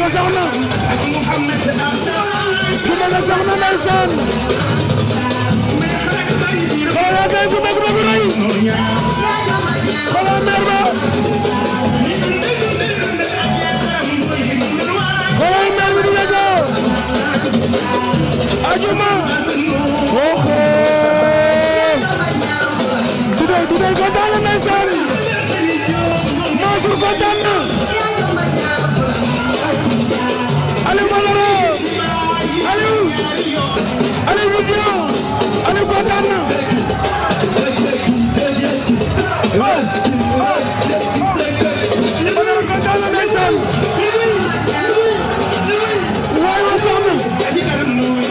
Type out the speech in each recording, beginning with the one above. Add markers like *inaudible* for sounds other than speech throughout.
la soxna gumba la soxna ndeysaan xoolal kay gumba gumba gu rëy xoolal mer ba xoolal mer bi di wegoo ajuma oxo dudal dudal kontaan na ndeysaan Mansour kontaan na Aliou Vision Aliou kontaan na Aliou kontaan na ndeysaan waay wa sax na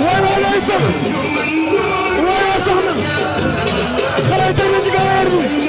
waay wa lay sax waay wa sax na xale teg na ci gàllankoor bi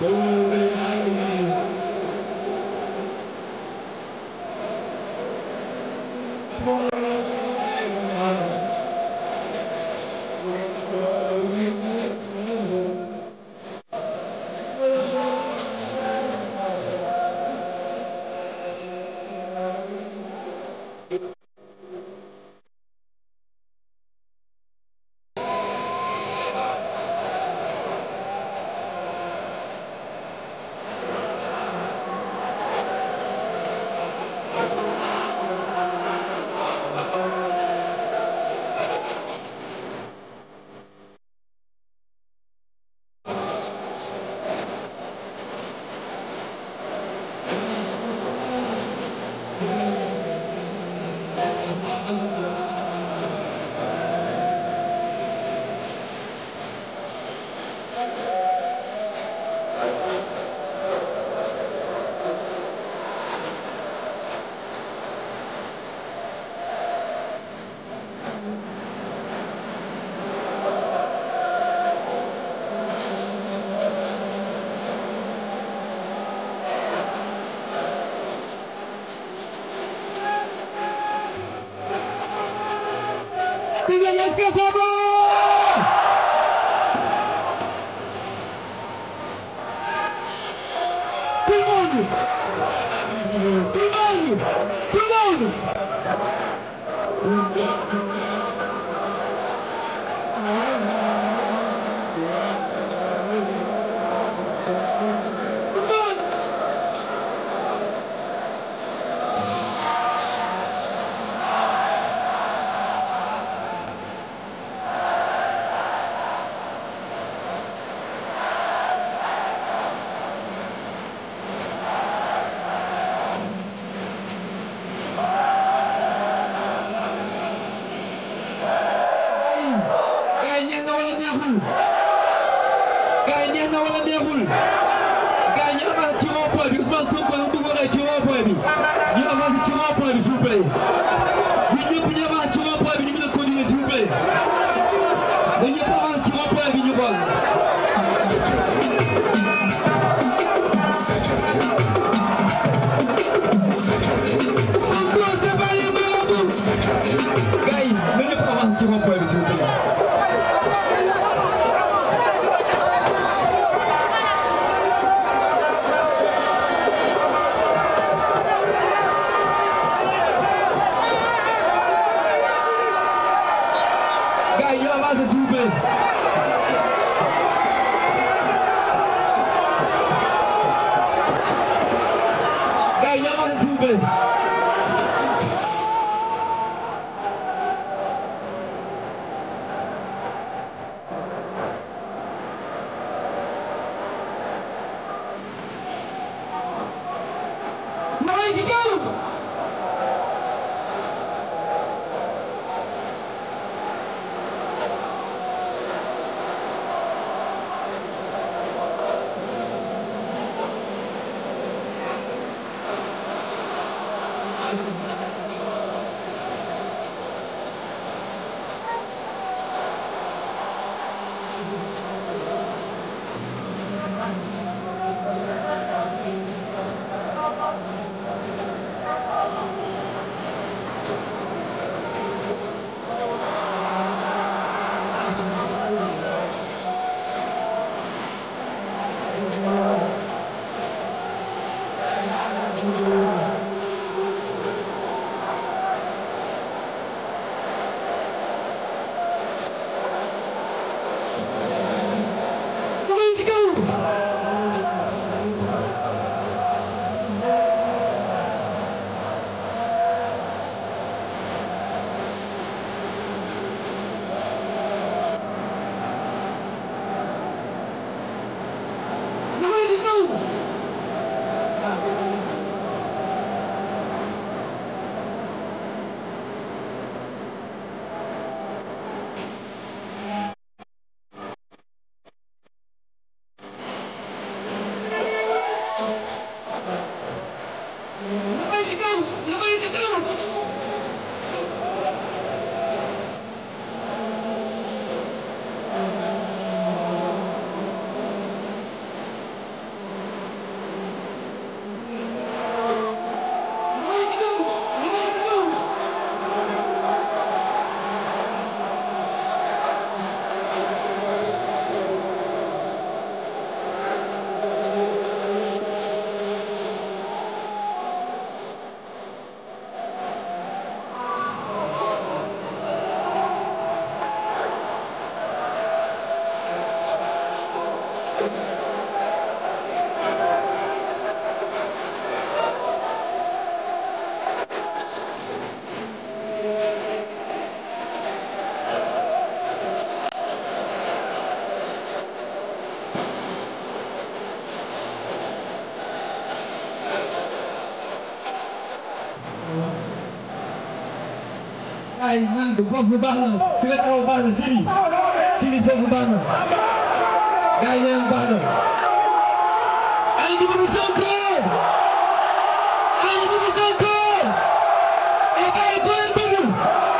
Thank ay man foofu baax na fi nga taxaw baax na Sidi Sidi foofu baax na gars yi ñeneen baax na ay numéro Sonko ay numéro Sonko ay bàyyi ko bëgg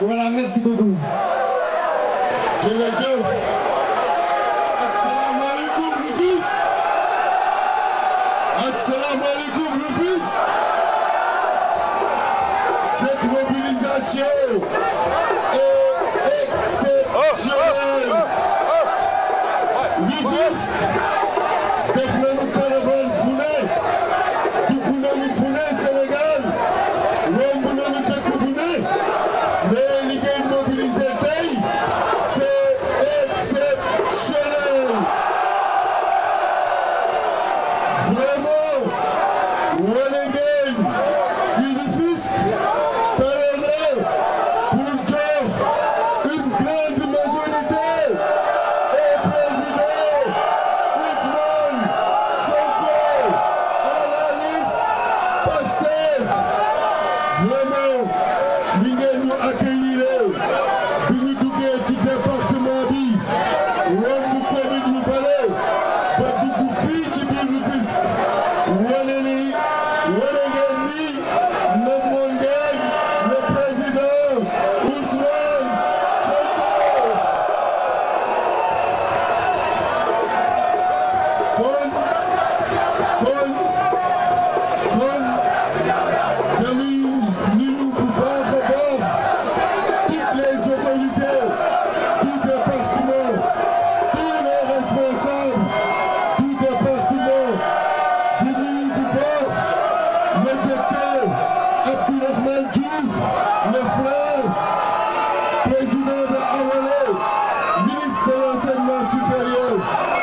Voilà, merci beaucoup. jërëjëf. asalaamaaleykum Rufisque. asalaamaaleykum Rufisque. cette mobilisation est oh, oh. exceptionnelle. Sonko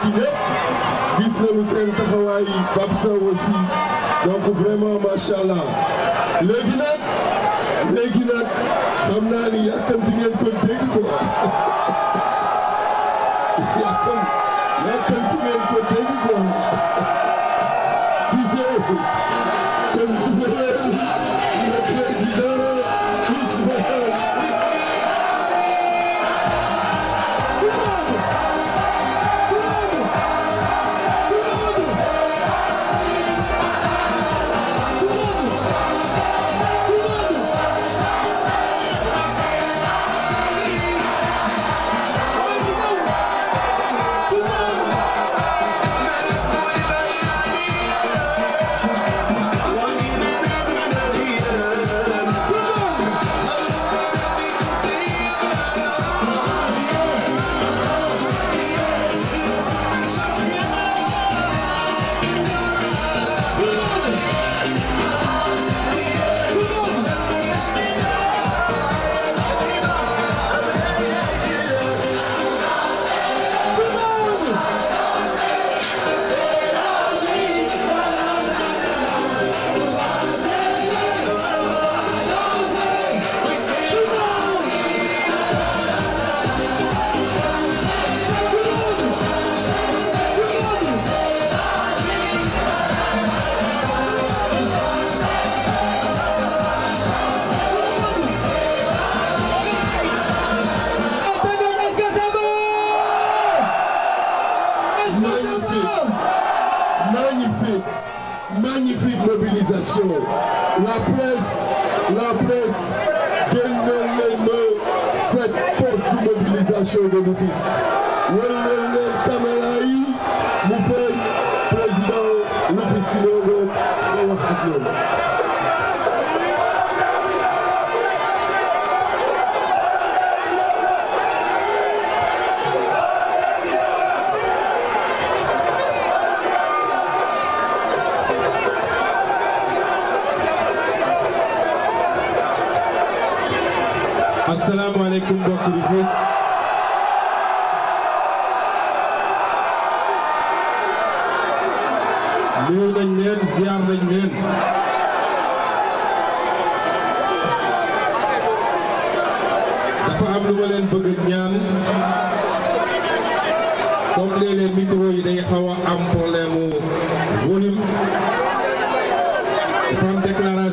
ci ñëpp gis nañu seen taxawaay Babsa aussi donc vraiment macha allah léegi nag léegi nag xam naa ni yàkkamti ngeen ko dégg quoi. *laughs*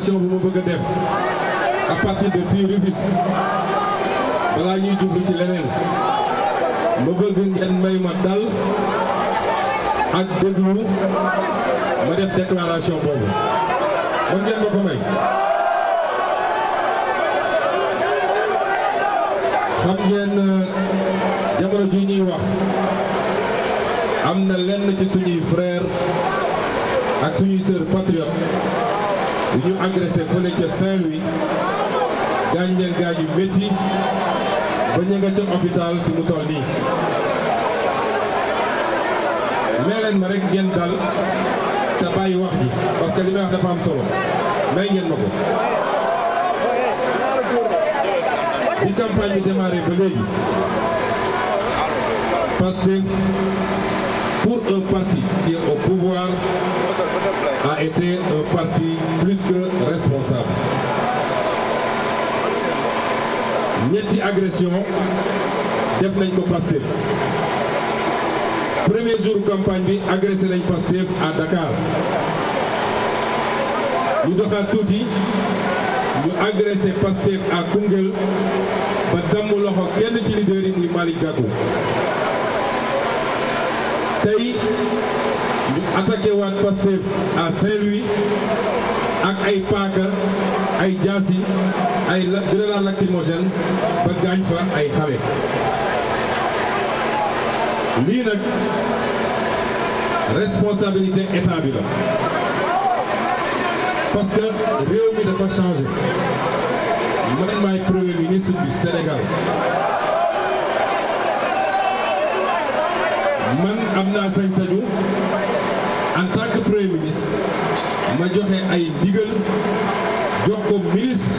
pression bu ma bëgg def à de fii Rufisque balaa ñuy jublu ci leneen ma bëgg ngeen may ma dal ak déglu ma def déclaration boobu mën ngeen ma ko may. xam ngeen euh, jamono ji ñuy wax am na lenn ci suñuy frères ak suñuy sœurs patriotes. bi ñu agressé fële ca Saint-Louis gaañ leen gaañ yu ba ñu nga ca hôpital fi mu toll nii may ma rekk ngeen dal te bàyyi wax ji parce que li may wax dafa am solo may ngeen ma ko bi campagne bi démarré ba léegi Pastef pour un parti qui est au pouvoir a été un parti plus que responsable. ñetti agression def nañ ko Pastef premier jour campagne bi agressé nañ Pastef à Dakar ñu doxaat tuuti ñu agressé Pastef à Koungheul ba damm loxo kenn ci leader yi muy Malick ñu attaqué waat Pastef à Saint-Louis ak ay paaka ay jaasi ay grenade lacrymogène ba gaañ fa ay xale lii nag responsabilité état bi la parce réew mi dafa changé man maay premier ministre du Sénégal man am naa sañ-sañu en tant que premier ministre ma joxe ay ndigal jox ko ministre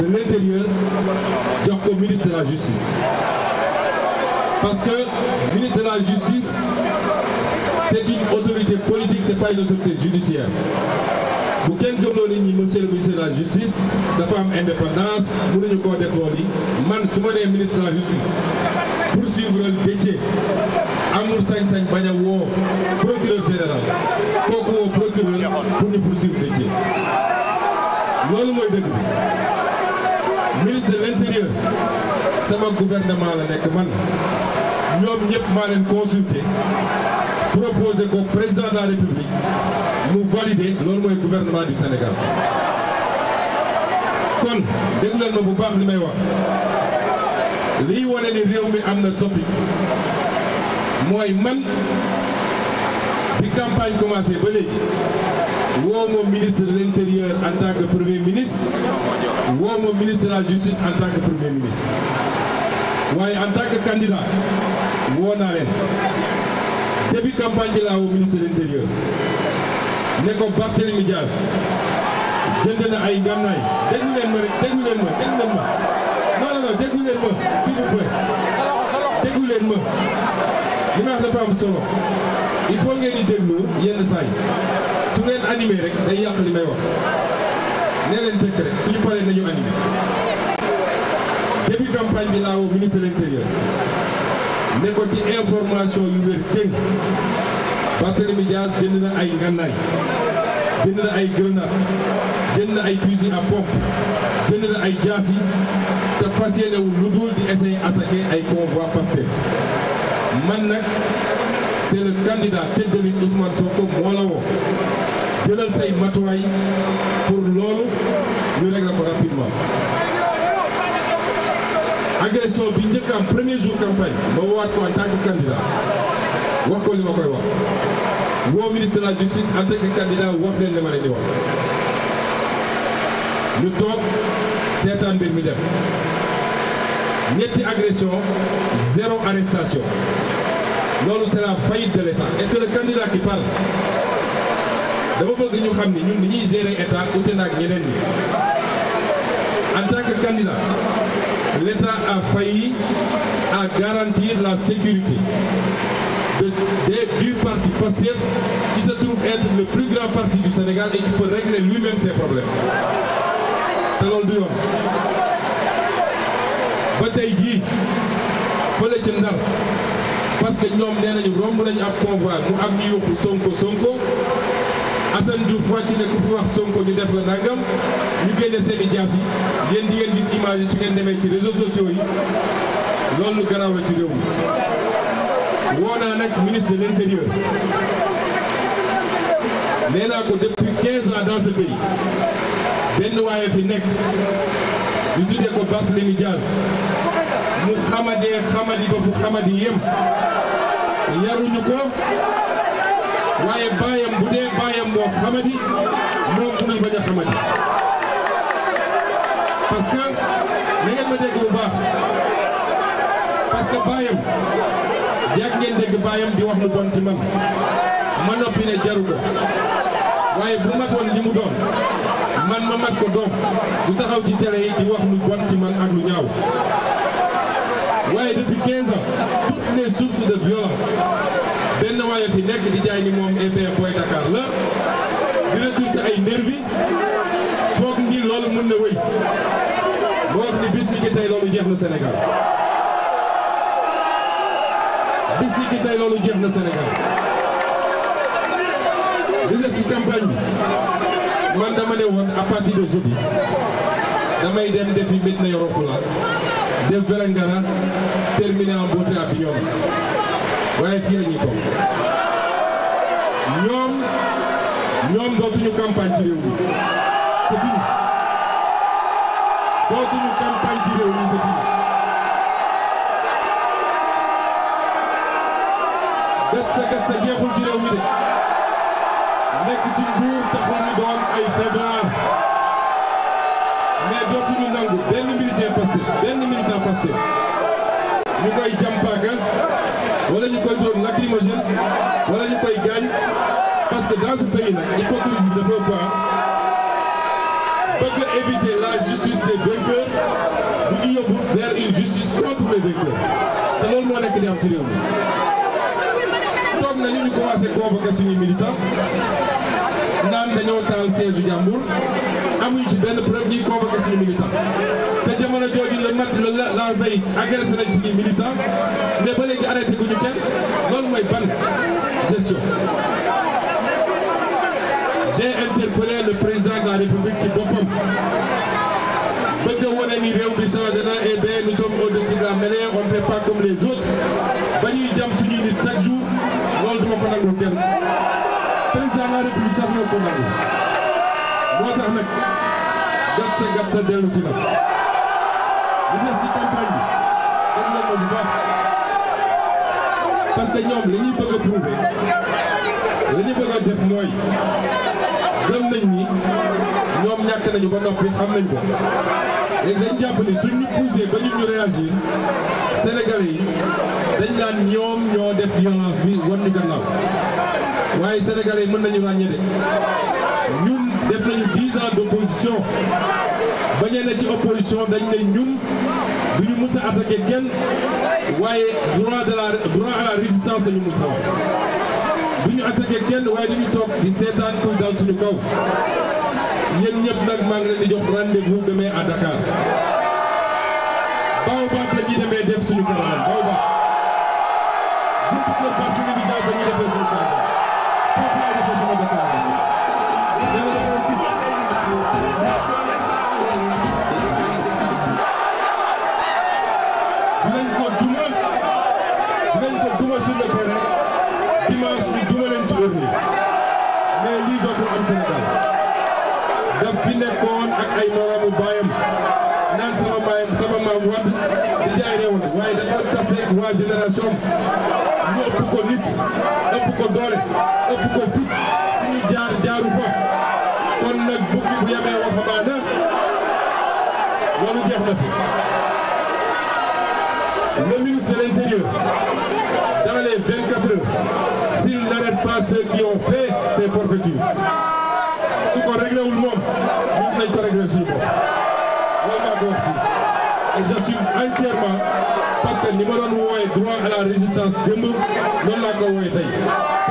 de l'intérieur jox ko ministre de la justice parce que ministre de la justice c'est une autorité politique c'est pas une autorité judiciaire bu kenn gëmloo nit ñi monsieur le ministre de la justice dafa am indépendance nañu koo defoo ni man su ma nee ministre la justice poursuivre Déthié amul sañ-sañ a woo procureur général kooku woo procureur pour ñu poursuivre loolu mooy dëgg bi ministre de sama gouvernement la nekk man ñoom ñëpp maa leen consulter proposer ko président de la république mu valider loolu mooy gouvernement du Sénégal kon dégg ma bu baax li may wax lii wane ni réew mi am na soppi mooy man bi campagne commencé ba léegi woo ma ministre de l'intérieur en tant premier ministre woo ma ministre de la justice en tant que premier ministre waaye en tant que candidat woo naa leen campagne bi laa woo ministre de l'intérieur ne ko Barthélémy Dias jënd na ay ngànnaay déglu ma rek déglu ma déglu leen ma leen ma s'il vous plaît. sa sa loxo day yàq li may wax. nee leen tekk rek suñu paree nañu animé. début campagne bi laa woo ci information yu wér tëng Barthélemy Dias jënd na ay ngànnaay jënd na ay grenade jënd na ay fusil à pompe jënd na ay jaasi fas yéene wu lu dul di essayer attaquer ay convoi Pastef man nag c' est le candidat tête de liste moo la woo jëlal say matuwaay pour loolu ñu régler ko rapidement. agression bi njëkk am premier jour campagne ma woowaat ko en tant que wax ko li ma koy wax woo ministre la justice en que candidat wax leen li wax ñu toog seetaan mbir mi dem. ñetti agression zéro arrestation loolu c'est la faillite de l'État et c'est le candidat qui parle dama bëgg ñu xam ni ñun ni ñuy gérer état ute naag ñeneen ñi en tant que candidat l'État a failli à garantir la sécurité de, de du parti PASTEF qui se trouve être le plus grand parti du Sénégal et qui régler lui-même ses problèmes te loolu du yoon ba tey jii fële ca ndar parce que ñoom nee nañu romb nañu ab convoi mu am ñu yuuxu sonko sonko Assane Diouf wàcc ne ku fi wax sonko ñu def la nangam ñu génne seeni jaas yi yéen digeen gis image yi su ngeen demee ci réseaux sociaux yi loolu garaaw la ci réew mi woo naa nag ministre de l'intérieur nee naa ko depuis 15 ans dans ce pays benn waaye fi nekk ñu tuddee ko Barthélémy Dias mu xamadee xamadi ba fu xamadi yem yaruñu ko waaye baayam bu dee baayam moo xamadi moom dinañ bañ a xamadi parce que na ngeen ma baayam di wax lu bon ci man ma noppi ne jaru ko waaye bu matoon li mu doon man ma mat ko doom du taxaw ci télé yi di wax lu bon ci man ak lu ñaaw na Sénégal bis ni ki tey loolu jeex na Sénégal li def ci campagne bi man dama ne woon à partir de jeudi damay dem defi Médina Yoro Fula dem Vélingara terminé en beauté à Bignona waaye fii la ñuy toog ñoom ñoom dootuñu campagne ci réew mi dootuñu campagne ci réew mi sa kii gët jeexul ci réew mi de nekk ci nguur taxul ñu doon ay faiblard mais dootuñu nangu benn militaire Pastef benn militant Pastef ñu koy jàmpaaka wala ñu koy dóor lacrymogène wala ñu koy gaañ parce que dans ce pays nag hypocrisie bi dafa baax les électeurs te loolu moo nekk di am ci réew mi toog nañu ñu commencé convoquer suñuy naan dañoo taal siège u jàmbur ci benn preuve ñuy convoquer suñuy militants te jamono jooju la mat la la veille agressé nañ suñuy militants mais ba léegi guñu kenn loolu mooy ban gestion. j'ai interpellé le président de la République ci boppam. wane ni réew mi changé na et bien nous sommes au-dessus de la mêlée on ne fait pas comme les autres ba ñuy jam suñuy nit chaque jour loolu duma ko nangul kenn président de la république sax ñoo ko nangu moo tax nag gàtt sa gàtt sa dellu si nag li des ci campagne bi dañ leen bu baax parce que ñoom li ñuy bëgg a prouver li ñu bëgg a def mooy gëm nañ ni ñoom ñàkk nañu ba noppi xam nañ ko léegi dañ jàpp ni suñ ñu poussé ba ñun ñu réagir Sénégalais yi dañ daan ñoom ñoo def violence bi wan ñu gannaaw waaye Sénégalais yi mën nañu ràññee de ñun def nañu 10 ans d'opposition bañee na ci opposition dañ ne ñun du ñu mus a attaqué kenn waaye droit de la droit à la résistance la ñu mus a wax du ñu attaqué kenn waaye du toog di seetaan kuy daal suñu kaw. yéen ñëpp nag maa ngi leen di jox rendez-vous demee à Dakar Baobab la ñuy demee def suñu caravane Baobab. moom ñu ëpp ko nit ëpp ko doole ëpp ko fit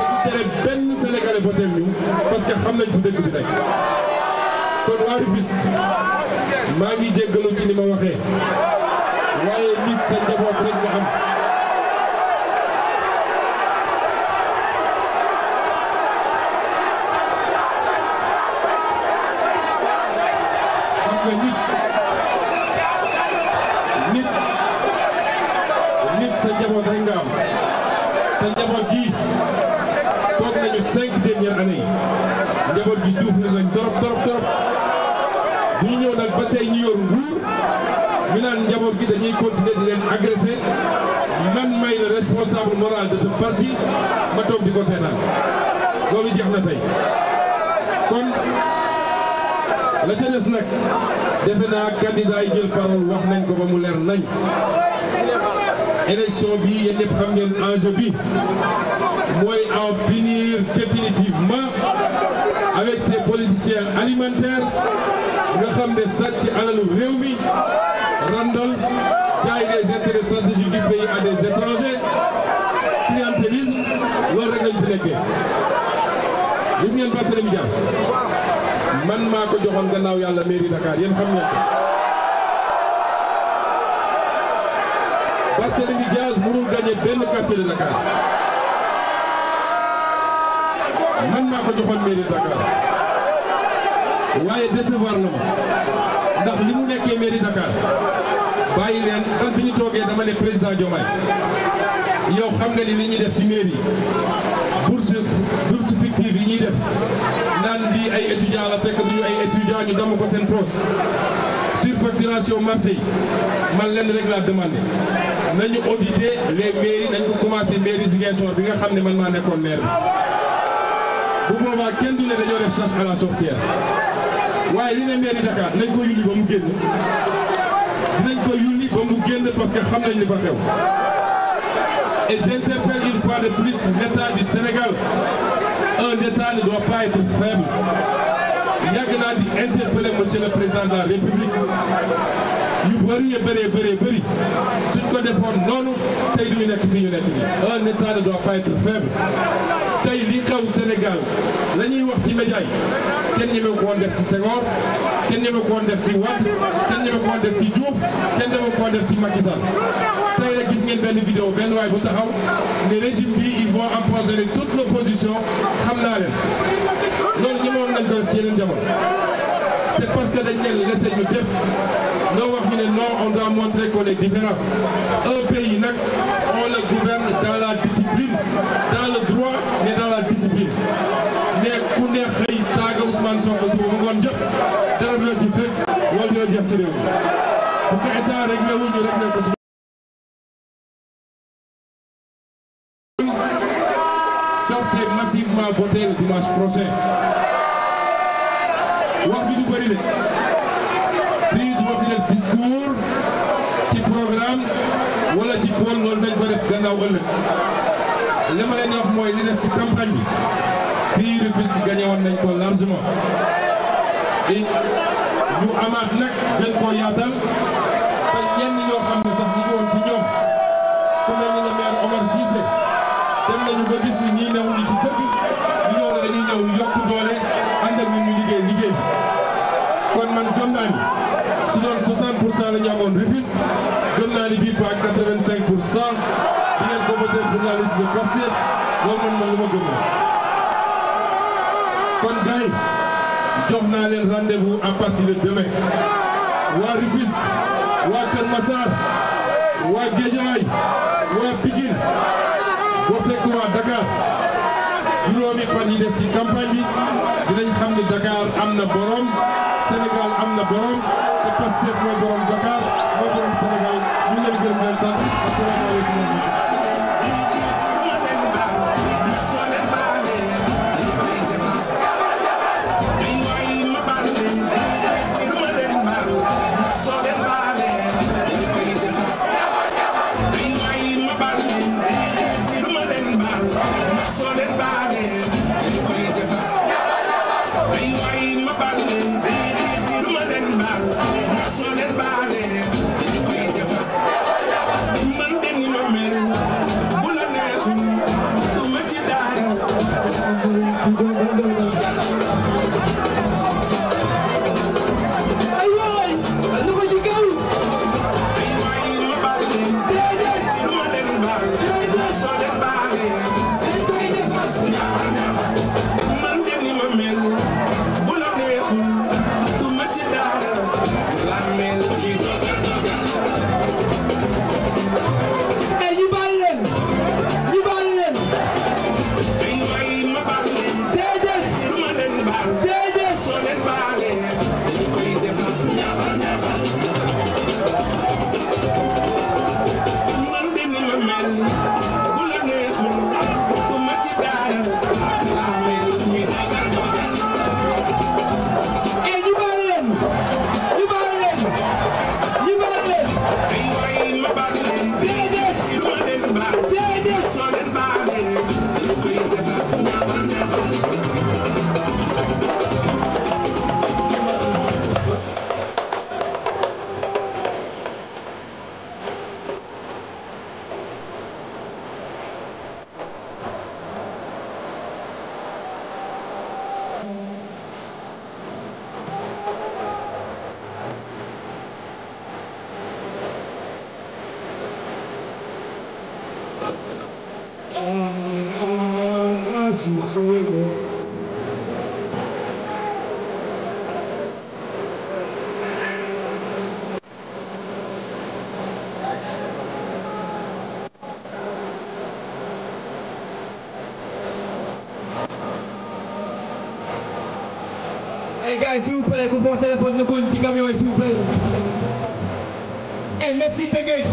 te du tere benn sénégalais voté ñu parce que xam nañ fu dëkk bi nekk kon waa Rufisque maa ngi jéggalu ci ni ma waxee waaye nit sa njaboot rek nga am. nit nit sa njaboot rek nga am te njaboot gi tey ñu yor nguur ñu naan njaboot gi dañuy continuer di leen agressé man may le responsable moral de ce parti ma toog di ko seetaan loolu jeex na tey kon la ca des nag defe naa candidat yi jël parole wax nañ ko ba mu leer nañ élection bi yéen ñëpp xam ngeen enjeu bi mooy en finir avec ses politiciens alimentaires nga xam ne sàcc alalu réew mi randal jaay des intérêts stratégiques du pays à des étrangers clientélisme loolu rek lañ gis ngeen Barthélémy Dias man maa ko joxoon gannaaw yàlla mairie Dakar yéen xam ngeen ko Barthélémy Dias mënul gagné benn quartier de Dakar maa ko joxoon mairie Dakar waaye décevoir na ma ndax li mu nekkee mairie Dakar bàyyi leen ban bi ñu toogee dama ne président Diomaye yow xam nga ni li ñuy def ci mairie bourse bourse fictive yi ñuy def naan lii ay étudiant la fekk duñu ay étudiant ñu dama ko seen poche surfacturation marché yi man leen rek laa demandé nañu audité les mairies nañ ko commencé mairie Ziguinchor bi nga xam ne man maa nekkoon maire bu boobaa kenn du ne dañoo def chasse la sorcière waaye li ne mairie Dakar ko yulli ba mu génn dinañ ko yulli ba mu génn parce que xam nañ li fa xew et j'interpelle une fois de plus l'état du Sénégal un état ne doit pas être faible yàgg naa di interpeller monsieur le président de la république yu bëri bëree bëree bëri suñ ko defoon noonu tey du ñu nekk fii ñu un état ne doit pas être faible. li xew Sénégal la ñuy wax ci média yi kenn ñeme ko woon def ci Senghor kenn ñeme ko ci Wade kenn ñeme ko woon def ci Diouf kenn ñeme ko woon def ci Macky Sall tey la gis ngeen benn vidéo benn waay bu taxaw ne régime bi ils vont empoisonner toute l'opposition xam naa leen loolu ñemewoon nañ ko def ci yeneen jamono c'est parce que dañ leen laissé ñu def loo wax ñu ne non on doit montrer qu'on est différent un pays nag on le gouverne dans la discipline dans biir ne ku ne xëy saaga Ousmane Sonko suba ba ngoon jot dara dina ci fekk wala dina jeex ci réew bu ko état réglé wu ñu réglé ko sortez massivement voter le dimanche woon nañ ko largement et ñu amaat nag gën koo yaatal te ñenn ñoo xam ne le maire Omar gis ni ñii newuñu ci dëgg ñu ñëw ne dañuy ñëw yokk doole ànd ak kon man gëm naa doon 60 pour cent la ñu amoon Rufisque gëm naa ni bii ba 85 pour cent. partir de demain waa Rufisque waa Kër Massar waa Guédiawaye waa Pikine boote ko waa Dakar juróomi fan yi des ci campagne bi dinañ xam ni Dakar am na borom Sénégal am na borom te Pastef mooy borom Dakar mooy borom Sénégal ñu leen gërëm leen sant asalaamaaleykum xale bu porté téléphone na bon ci camion yi s'il vous plaît. et merci Teungueth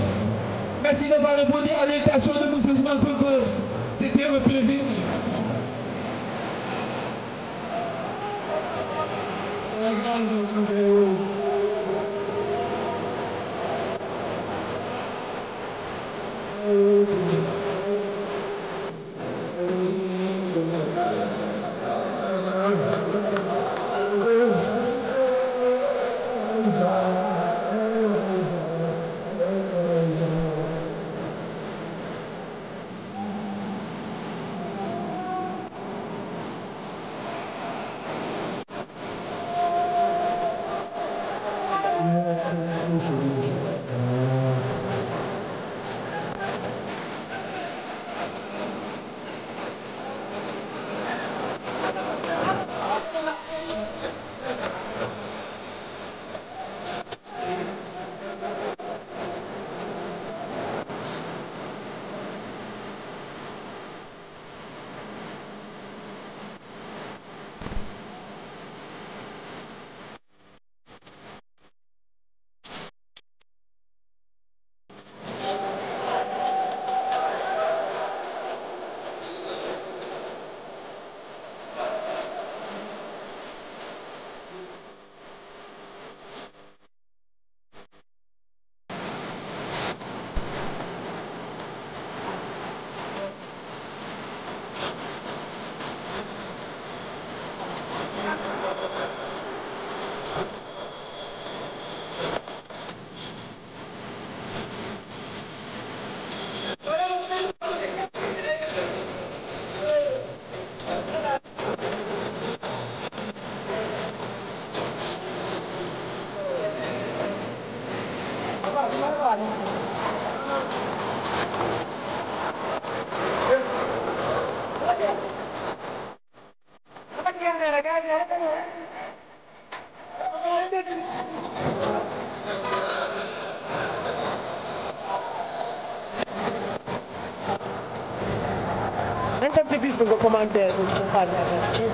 gis nga commentaire bi mu xaar ne affaire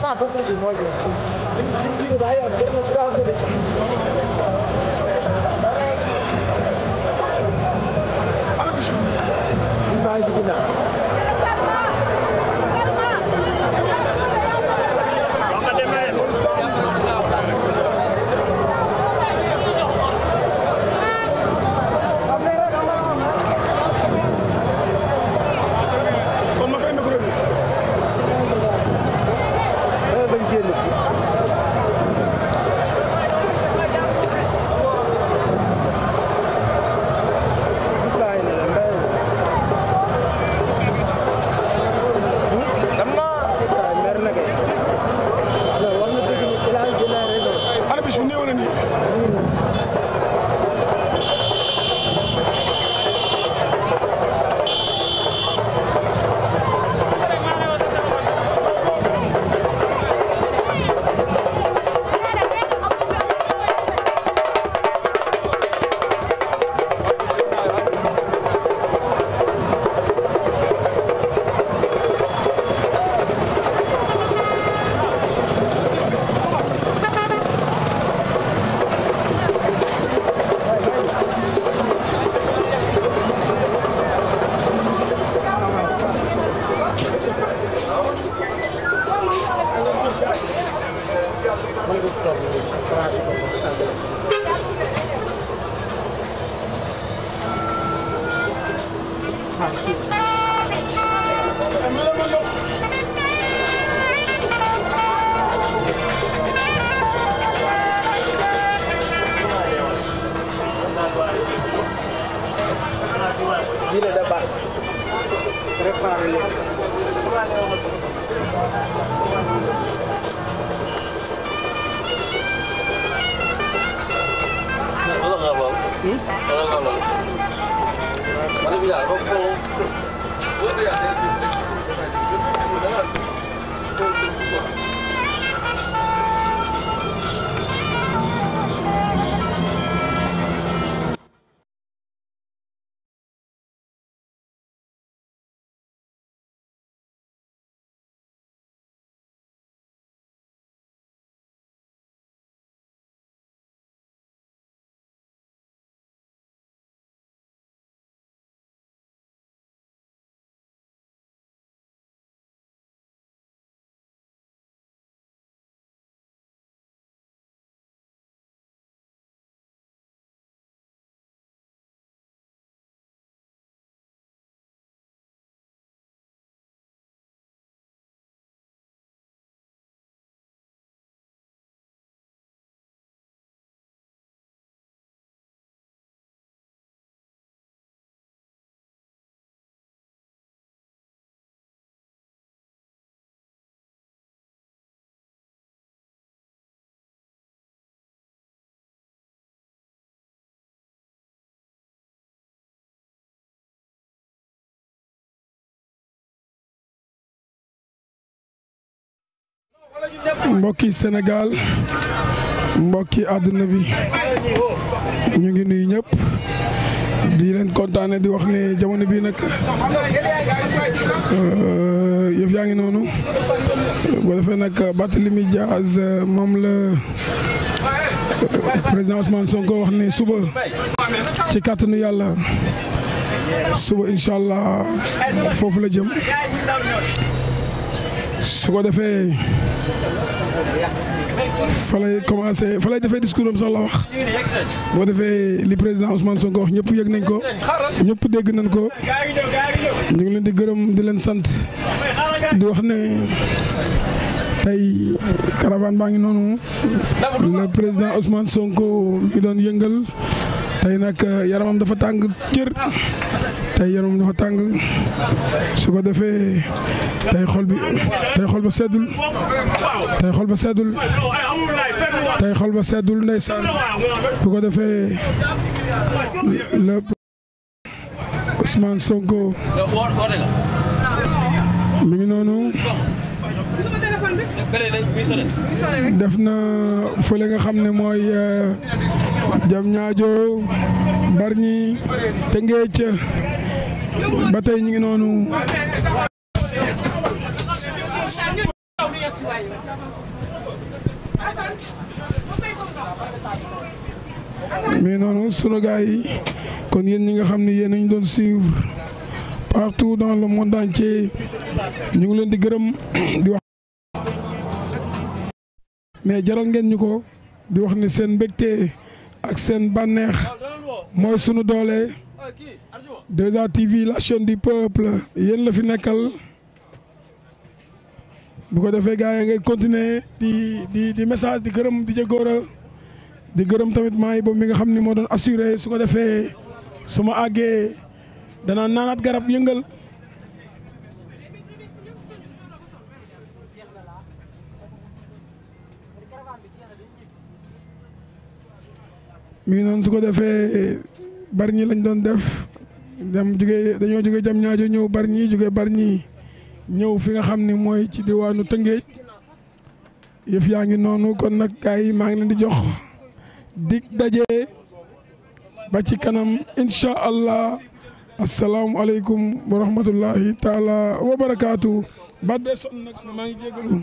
sans bëgg bi mbokki Sénégal mbokki àdduna bi ñu ngi nuyu ñëpp di leen kontaane di wax ne jamono bii nag euh, yëf yaa ngi noonu bu defee nag Barthélémy Diaz moom la euh, président Ousmane Sonko wax ni suba ci kàttanu yàlla suba incha allah foofu la jëm. su ko defee fa lay commencé fa defee discours am sax la wax bu ko defee li président Ousmane Sonko wax ñëpp yëg nañ ko ñëpp dégg nañ ko ñu ngi leen di gërëm di leen sant di wax ne tey caravane baa ngi noonu la président Ousmane Sonko mi doon yëngal tey nag yaramam dafa tàng cër. tey yaram dafa tàng su ko defee tey xol bi tey xol ba seddul tey xol ba seddul tey xol ba seddul ndeysaan su ko defee le Sonko mi noonu def na fële nga xam ne mooy jam euh, ñaajo barñi te ngeec ba tey ñu ngi noonu. mais noonu sunu gars kon yéen ñi nga xam ne yéen ñu doon suivre partout dans le monde entier ñu ngi leen di gërëm di wax. mais jaral ngeen ñu ko di wax ni seen mbégte ak seen bànneex mooy sunu doole. 2A TV la chaîne du peuple yéen la fi nekkal bu ko defee gaa yi ngay continuer di di di message di gërëm di jégóora di gërëm tamit maay boobu mi nga xam ni moo doon assuré su ko defee su ma àggee danaa naanaat garab yëngal. mi ngi noonu su ko defee. bari ñi lañ doon def dem jugee dañoo jugee jam ñaajo ñëw bari ñi jugee bari ñi ñëw fi nga xam ni mooy ci diwaanu Tëngéej yëf yaa ngi noonu kon nag gars yi maa ngi leen di jox dig dajee ba ci kanam incha allah asalaamualeykum wa rahmatullahi taala wa barakaatu. ba dee sonn nag maa ngi jégalu.